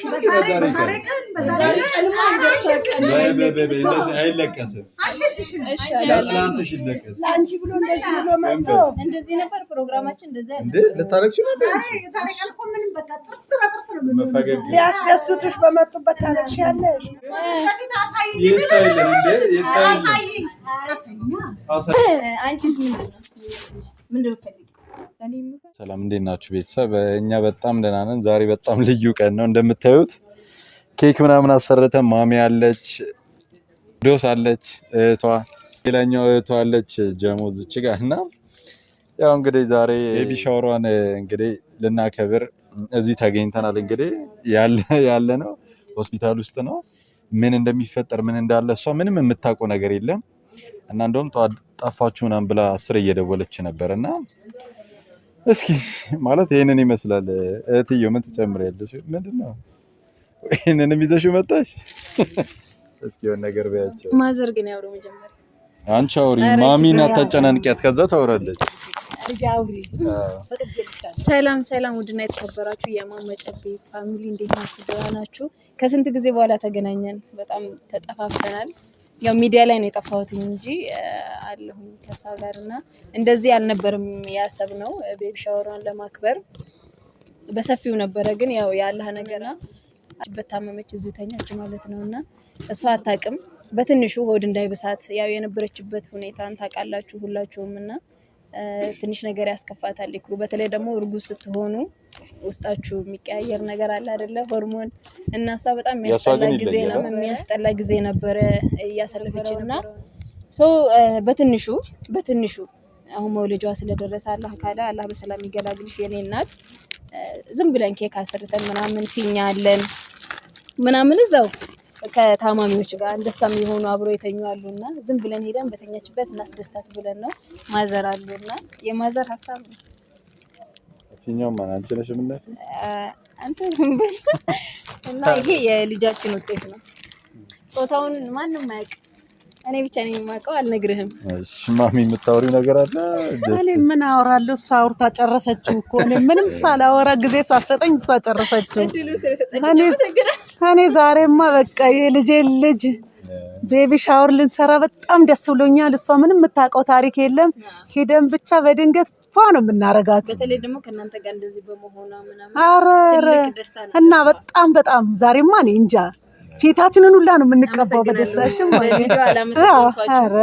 ስላለቅሽ አይለቀስም። ለጽናትሽ ይለቀስ። እንደዚህ ነበር ፕሮግራማችን። ልታለቅሽ ሊያስደስቱሽ በመጡበት ታለቅሻለሽ። አንቺስ ምንድን ነው? ሰላም እንዴት ናችሁ ቤተሰብ? እኛ በጣም ደህና ነን። ዛሬ በጣም ልዩ ቀን ነው። እንደምታዩት ኬክ ምናምን አሰርተን ማሚ አለች፣ ዶስ አለች፣ እህቷ ሌላኛው እህቷ አለች፣ ጀሞዝ እች ጋር እና ያው እንግዲህ ዛሬ ቤቢ ሻወሯን እንግዲህ ልናከብር እዚህ ተገኝተናል። እንግዲህ ያለ ነው ሆስፒታል ውስጥ ነው። ምን እንደሚፈጠር ምን እንዳለ እሷ ምንም የምታውቀው ነገር የለም እና እንደውም ጠፋችሁ ምናምን ብላ አስር እየደወለች ነበር እና እስኪ ማለት ይህንን ይመስላል። እህትዮ ምን ትጨምሪያለሽ? ምንድን ነው ይህንንም ይዘሽው መጣሽ? እስኪ የሆነ ነገር በያቸው። ማዘር ግን ያውሩ መጀመሪያ አንቺ አውሪ፣ ማሚን አታጨናንቂያት፣ ከዛ ታወራለች። ሰላም ሰላም፣ ውድና የተከበራችሁ ቤት ፋሚሊ እንዴት ናችሁ? ደህና ናችሁ? ከስንት ጊዜ በኋላ ተገናኘን። በጣም ተጠፋፍተናል። ያው ሚዲያ ላይ ነው የጠፋሁት እንጂ አለሁኝ ከሷ ጋር እና እንደዚህ አልነበርም ነው ቤቢ ሻወሯን ለማክበር በሰፊው ነበረ። ግን ያው ያለህ ነገርና በታመመች እዚሁ ተኛች ማለት ነው እና እሷ አታውቅም። በትንሹ ሆድ እንዳይብሳት ያው የነበረችበት ሁኔታን ታውቃላችሁ ሁላችሁም እና ትንሽ ነገር ያስከፋታል። ይክሩ በተለይ ደግሞ እርጉዝ ስትሆኑ ውስጣችሁ የሚቀያየር ነገር አለ አደለ? ሆርሞን እና እሷ በጣም የሚያስጠላ ጊዜ ነው የሚያስጠላ ጊዜ ነበረ እያሳለፈች እና በትንሹ በትንሹ አሁን መውለጇ ስለደረሰ አላህ ካለ አላህ በሰላም ይገላግልሽ የኔ እናት። ዝም ብለን ኬክ አሰርተን ምናምን ፊኛ አለን ምናምን እዛው ከታማሚዎች ጋር እንደሷም የሚሆኑ አብሮ የተኙ አሉ እና ዝም ብለን ሄደን በተኛችበት እናስደስታት ብለን ነው። ማዘር አሉ እና የማዘር ሀሳብ ነው። የትኛውም አንቺ ነሽ የምናየው አንተ ዝም ብለህ እና ይሄ የልጃችን ውጤት ነው። ጾታውን ማንም አያውቅም። እኔ ብቻ ነኝ የማውቀው፣ አልነግርህም። እሺ ማሚ፣ የምታወሪው ነገር አለ? እኔ ምን አወራለሁ? እሷ አውርታ ጨረሰችው እኮ። እኔ ምንም ሳላወራ ጊዜ ሳሰጠኝ እሷ ጨረሰችው። እኔ ዛሬማ በቃ የልጄ ልጅ ቤቢ ሻወር ልንሰራ በጣም ደስ ብሎኛል። እሷ ምንም የምታውቀው ታሪክ የለም። ሂደን ብቻ በድንገት ፏ ነው የምናረጋት። በተለይ ደግሞ ከእናንተ ጋር እንደዚህ በመሆኗ ምናምን፣ ኧረ እና በጣም በጣም ዛሬማ እኔ እንጃ ፊታችንን ሁላ ነው የምንቀባው በደስታሽም። ኧረ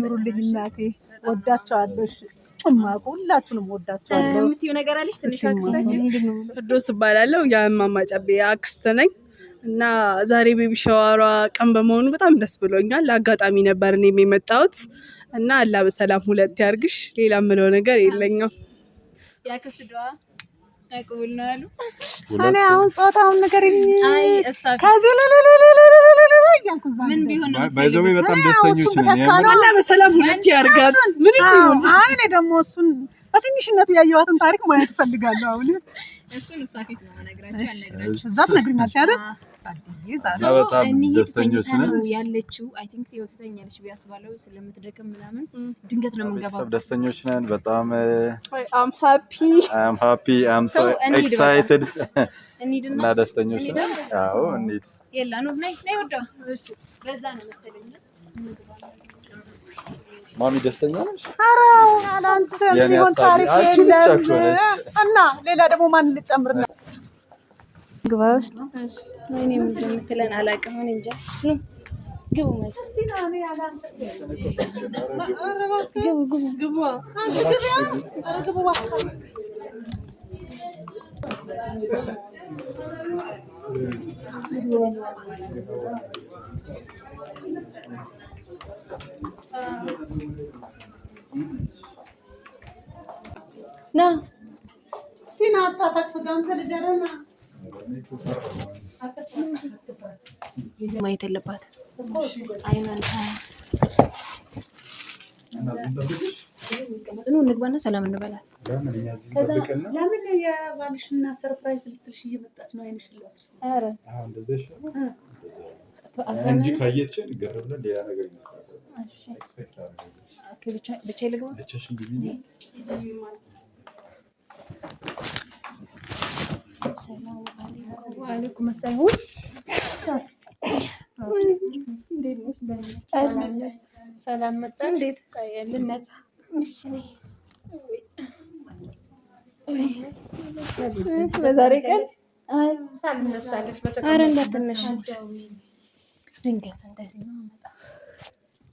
ኑሩልኝ እናቴ፣ ወዳቸዋለሁ። ጭማቁ ሁላችሁንም ወዳቸዋለሁ። የምትይው ነገር አለሽ? ትንሽ አክስታችን ፍርዶስ እባላለሁ። የእማማ ጨቤ አክስት ነኝ እና ዛሬ ቤቢ ሸዋሯ ቀን በመሆኑ በጣም ደስ ብሎኛል። አጋጣሚ ነበር እኔም የመጣሁት እና አላ በሰላም ሁለት ያርግሽ። ሌላ ምለው ነገር የለኝም። አቅብል ነው እኔ አሁን ጾታውን ንገሪኝ ምን ቢሆን በጣም ደስተኞች ነን። በሰላም ሁለት ያርጋት። ምን ቢሆን አይ እኔ ደግሞ እሱን በትንሽነቱ ያየዋትን ታሪክ ማየት እፈልጋለሁ። አሁን እሱን ሳፊት ነው እነግራችሁ እዛ ትነግሪኛለሽ አይደል? ያለችው አይ ቲንክ ትተኛለች አስባለሁ። ስለምትደክም ምናምን ድንገት ነው የምንገባው። ደስተኞች ነን በጣም አም ሃፒ አም ሃፒ አም ሶ ኤክሳይትድ እና ደስተኞች ነን። አዎ እንሂድ። ነው ነይ ነይ በዛ ነው መሰለኝ Mami justru ngomong. Arah, ada nanti. Sihon tarikin lem. Anak, lelada mu mandi kamar nanti. Guys, my name is Miss Elena. Alaikum, waalaikum. ና እስቲ ና አታታቅፍ ጋንተ ልጅ ና ማየት ያለባት አይኗን ኑ እንግባና ሰላም እንበላት። ከዛ ለምን የባልሽና ሰርፕራይዝ ልትልሽ እየመጣች ነው? አይንሽ ላስር እንጂ ካየችን ገርብለን ሌላ ነገር ይመስላል ብቻ ልግባ አለኩም መሰለኝ። ሰላም መጣ። እንዴት ልነሳ? በዛሬ ቀን ኧረ እንዳትነሽ ድንገት እንደዚህ ነው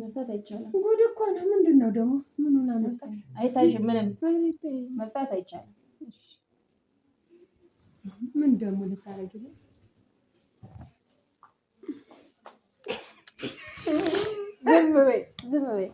መፍታት አይቻልም። ጉድ እኮ ነው። ምንድን ነው ደግሞ? ምን ሆና መፍታት ምንም መፍታት አይቻልም። ምን ደግሞ ልታረጊ ነው? ዝም በይ፣ ዝም በይ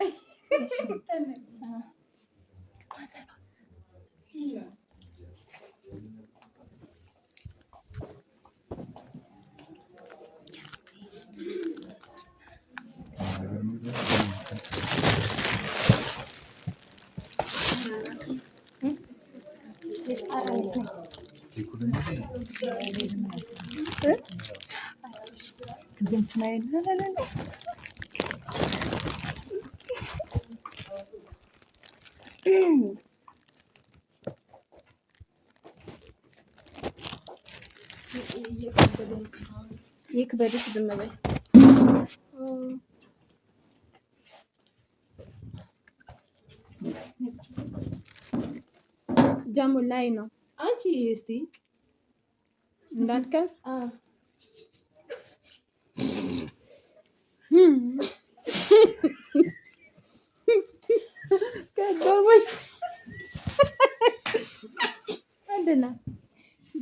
Kızım Sümeyye. Yık beri bizim bebek. ሰሙ ላይ ነው። አንቺ እስቲ እንዳልከፍ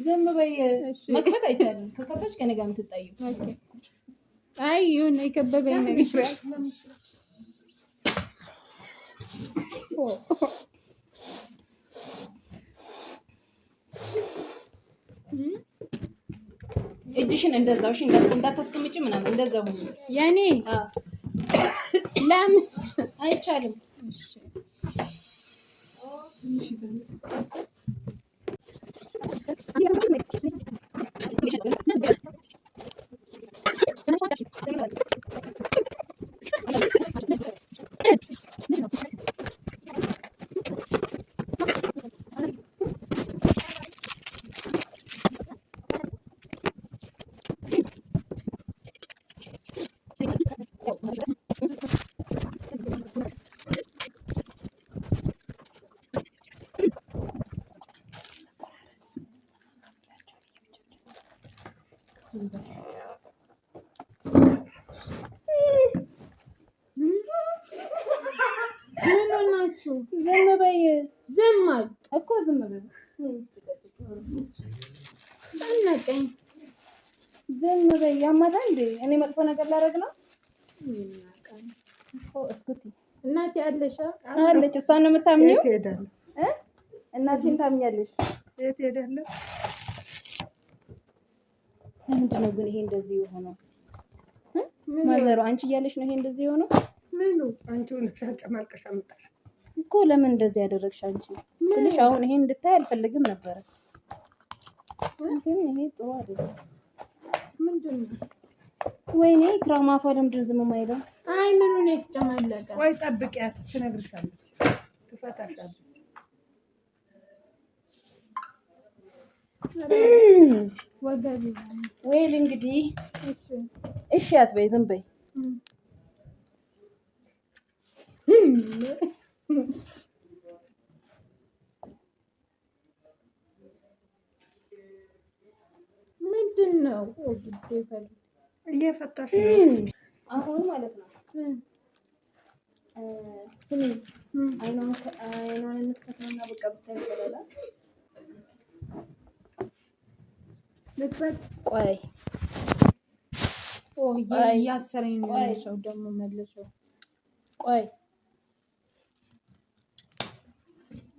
ዝም በይ። መክፈት አይቻልም። ከከፈች ከእኔ ጋር የምትጣዩ አይ ይሁን የከበበኝ ነገር እጅሽን እንደዛው እሺ፣ እንዳታስቀምጪ ምናምን እንደዛው የኔ ለምን አይቻልም? ዝም በይ። ዝም አልኩ እኮ ዝም በይ። ጨነቀኝ። ዝም በይ። ያማታል እንዴ? እኔ መጥፎ ነገር ላደርግ ነው እስኩቲ እናቴ አለሽ አለች። እሷን ነው የምታምኚው? እናቴን ታምኛለሽ? የት ሄዳለሁ? ምንድን ነው ግን ይሄ እንደዚህ የሆነው? ማዘሩ አንቺ እያለሽ ነው ይሄ እንደዚህ የሆነው? ምኑ አንቺ ሆነሽ አንጨማልቀሽ አምጣሽ እኮ ለምን እንደዚህ ያደረግሽ አንቺ ስልሽ፣ አሁን ይሄን እንድታይ አልፈልግም ነበረ፣ ግን ይሄ ጥሩ አይደለም። ምንድን ነው? ወይኔ ኢክራም አፏ ለምንድን ዝም የማይለው? አይ ምን ነው የተጨማለቀ? ወይ ጠብቂያት፣ ትነግርሻለች፣ ትፈታሻለች። ወይል እንግዲህ እሺ አትበይ፣ ዝም በይ ምንድን ነው እየፈታሽ አሁን ማለት ነው? ስሚ አይኗን እንከታና በቃ ብታይ ይበላል። ልትበት ቆይ እያሰረኝ ነው ሰው ደግሞ መልሶ ቆይ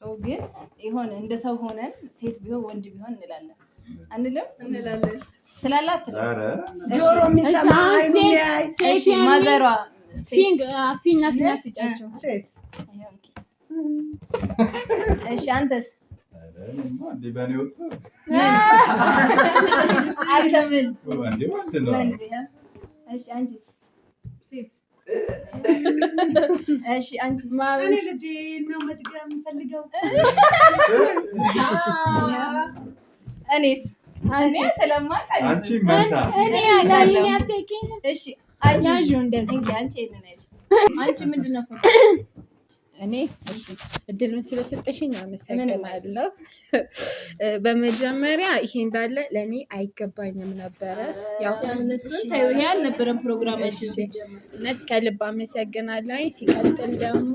ሰው ግን የሆነ እንደ ሰው ሆነን ሴት ቢሆን ወንድ ቢሆን እንላለን አንልም እንላለን ትላላት ጆሮ የሚሰማ ማዘሯ ፊኛ ፊኛ ሴት እሺ አንተስ አንተ ምን አንቺስ እሺ አንቺ ማን ልጅ ነው መድገም ፈልገው እኔስ አንቺ ስለማውቅ እኔ ያጋኝ ያቴኪን እሺ አንቺ እንደዚህ አንቺ ምንድን ነው እኔ እድሉን ስለሰጠሽኝ አመሰግናለሁ። በመጀመሪያ ይሄ እንዳለ ለእኔ አይገባኝም ነበረ። ይሄ አልነበረም ፕሮግራማችን። ከልብ አመሰግናለሁ። ሲቀጥል ደግሞ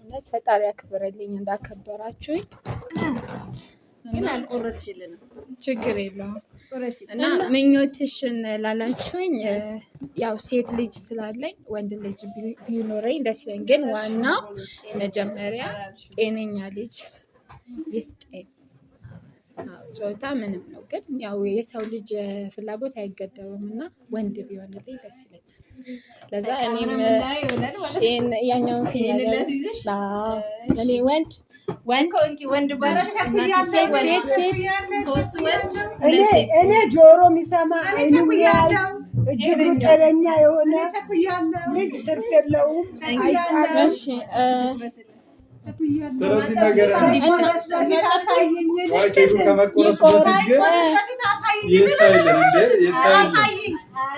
እውነት ፈጣሪ ያክብረልኝ እንዳከበራችሁኝ። ግን አልቆረስሽልንም፣ ችግር የለውም እና ምኞትሽን ላላችሁኝ፣ ያው ሴት ልጅ ስላለኝ ወንድ ልጅ ቢኖረኝ ደስ ይለኝ። ግን ዋናው መጀመሪያ ጤነኛ ልጅ ይስጠኝ። ጾታ ምንም ነው፣ ግን ያው የሰው ልጅ ፍላጎት አይገደብም እና ወንድ ቢሆንልኝ ደስ ይለኛል። ለዛ እኔም ያኛውን ፊልም ወንድ እኔ ጆሮ የሚሰማ አይኑያል እጅግ ቀለኛ የሆነ ልጅ ትርፍ የለውም።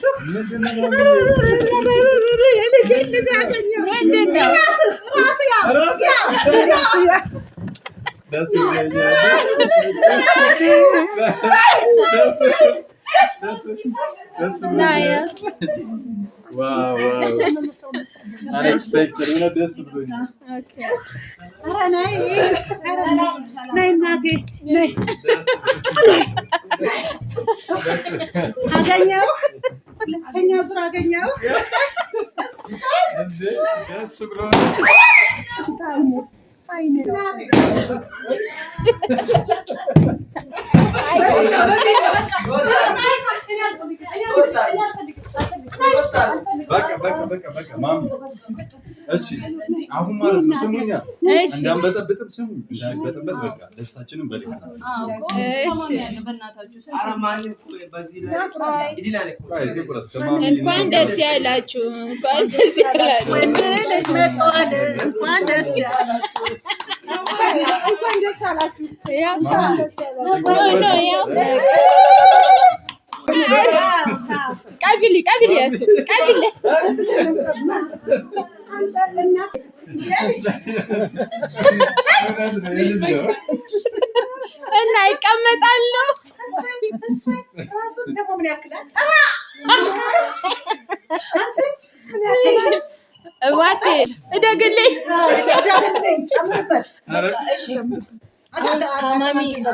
አገኘው ሁለተኛ ዙር አገኘው። እሺ አሁን ማለት ነው ስሙኛ፣ እንዳንበጠብጥም ስሙ እንዳንበጠብጥ፣ በቃ ደስታችንን እንኳን ደስ ያላችሁ፣ እንኳን ደስ ያላችሁ፣ እንኳን ደስ ያላችሁ፣ እንኳን ደስ ያላችሁ። ቀብሌ ቀብሌ እሱ ቀብሌ እና ይቀመጣሉ። እባክህ እደግልኝ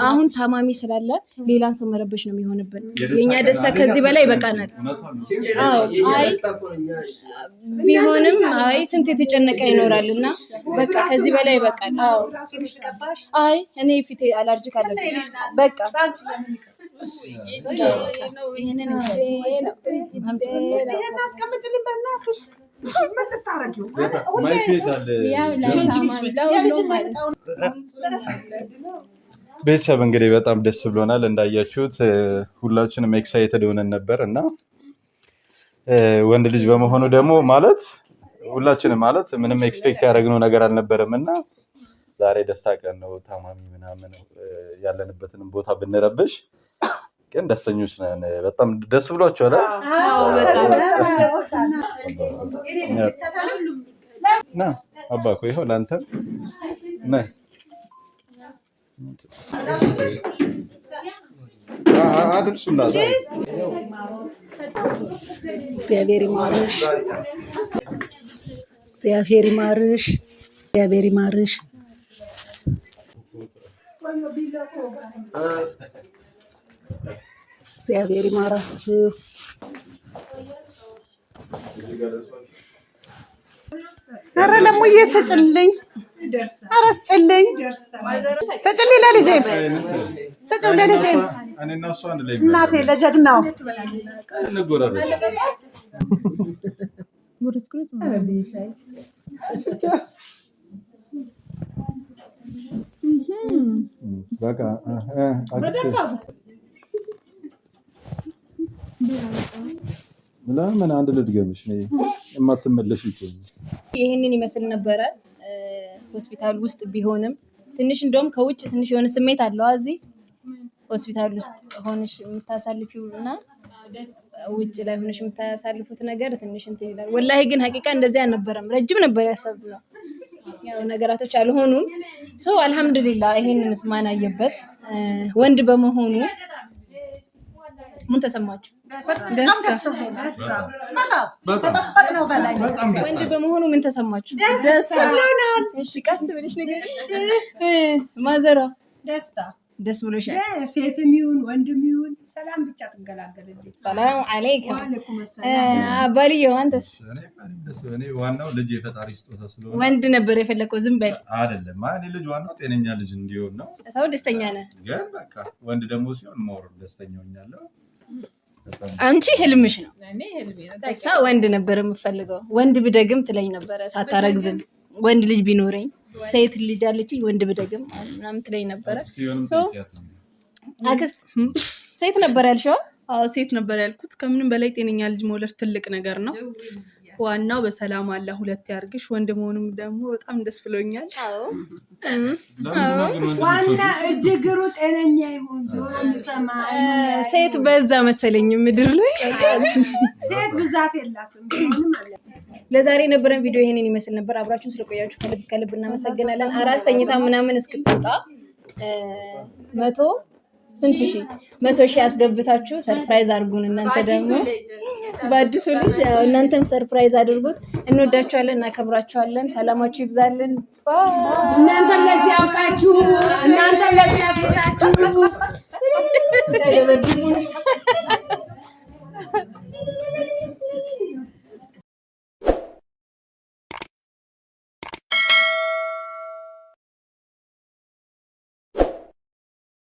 አሁን ታማሚ ስላለ ሌላን ሰው መረበሽ ነው የሚሆንብን። የኛ ደስታ ከዚህ በላይ ይበቃናል። አይ ቢሆንም አይ ስንት የተጨነቀ ይኖራል እና በቃ ከዚህ በላይ ይበቃል። አይ እኔ ፊቴ አላርጅክ አለ በቃ ይህንን ቤተሰብ እንግዲህ በጣም ደስ ብሎናል። እንዳያችሁት ሁላችንም ኤክሳይትድ ሆነን ነበር እና ወንድ ልጅ በመሆኑ ደግሞ ማለት ሁላችንም ማለት ምንም ኤክስፔክት ያደረግነው ነገር አልነበረም እና ዛሬ ደስታ ቀን ነው። ታማሚ ምናምን ያለንበትንም ቦታ ብንረብሽ ግን ደስተኞች ነን። በጣም ደስ ብሏቸዋል። ና አባ እኮ ይኸው ለአንተም ነይ አድርሱላ። እግዚአብሔር ይማርሽ፣ እግዚአብሔር ይማርሽ፣ እግዚአብሔር ይማርሽ። እግዚአብሔር ይማራችሁ። አረ ለሙዬ ስጭልኝ፣ አረ ስጭልኝ፣ ስጭልኝ፣ ለልጄ ስጭው፣ ለልጄ እናቴ፣ ለጀግናው በቃ ምናምን አንድ ልድገምሽ የማትመለሽ ይህንን ይመስል ነበረ። ሆስፒታል ውስጥ ቢሆንም ትንሽ እንደውም ከውጭ ትንሽ የሆነ ስሜት አለው። እዚህ ሆስፒታል ውስጥ ሆነሽ የምታሳልፊው እና ውጭ ላይ ሆነሽ የምታሳልፉት ነገር ትንሽ እንትን ይላል። ወላሂ ግን ሀቂቃ እንደዚህ አልነበረም። ረጅም ነበር ያሰብነው። ያው ነገራቶች አልሆኑም። ሰው አልሐምዱሊላ ይሄንን አየበት ወንድ በመሆኑ ምን ተሰማችሁ? ወንድ በመሆኑ ምን ተሰማችሁ? ደስ ብሎናል። ቀስ ብለሽ ነገር ማዘሯ ደስታ ደስ ብሎሻል። ሴትም ይሁን ወንድም ይሁን ሰላም ብቻ ትንገላገልልኝ። ሰላም አለይኩም አባልዬ። አንተስ? እኔ ዋናው ልጅ የፈጣሪ ስጦታ ስለሆነ ወንድ ነበር የፈለከው? ዝም በል አይደለም። እኔ ልጅ ዋናው ጤነኛ ልጅ እንዲሆን ነው። ሰው ደስተኛ ነህ። ግን በቃ ወንድ ደግሞ ሲሆን ሞር ደስተኛ ሆኛለሁ። አንቺ ህልምሽ ነው። እሷ ወንድ ነበር የምፈልገው ወንድ ብደግም ትለኝ ነበረ ሳታረግዝም። ወንድ ልጅ ቢኖረኝ ሴት ልጅ አለችኝ ወንድ ብደግም ምናምን ትለኝ ነበረ። አክስት ሴት ነበር ያልሽው? ሴት ነበር ያልኩት። ከምንም በላይ ጤነኛ ልጅ መውለድ ትልቅ ነገር ነው። ዋናው በሰላም አላ ሁለት ያርግሽ። ወንድ መሆኑም ደግሞ በጣም ደስ ብሎኛል። ዋና እጅግሩ ጤነኛ ይሁን ሴት በዛ መሰለኝ ምድር ላይ ሴት ብዛት የላትም። ለዛሬ የነበረን ቪዲዮ ይሄንን ይመስል ነበር። አብራችሁን ስለቆያችሁ ከልብ ከልብ እናመሰግናለን። አራስ ተኝታ ምናምን እስክትወጣ መቶ ስንት ሺ መቶ ሺ ያስገብታችሁ ሰርፕራይዝ አድርጉን። እናንተ ደግሞ በአዲሱ ልጅ እናንተም ሰርፕራይዝ አድርጉት። እንወዳችኋለን፣ እናከብራችኋለን። ሰላማችሁ ይብዛልን። እናንተም ለዚህ ያብቃችሁ። እናንተም ለዚህ ያብቃችሁ።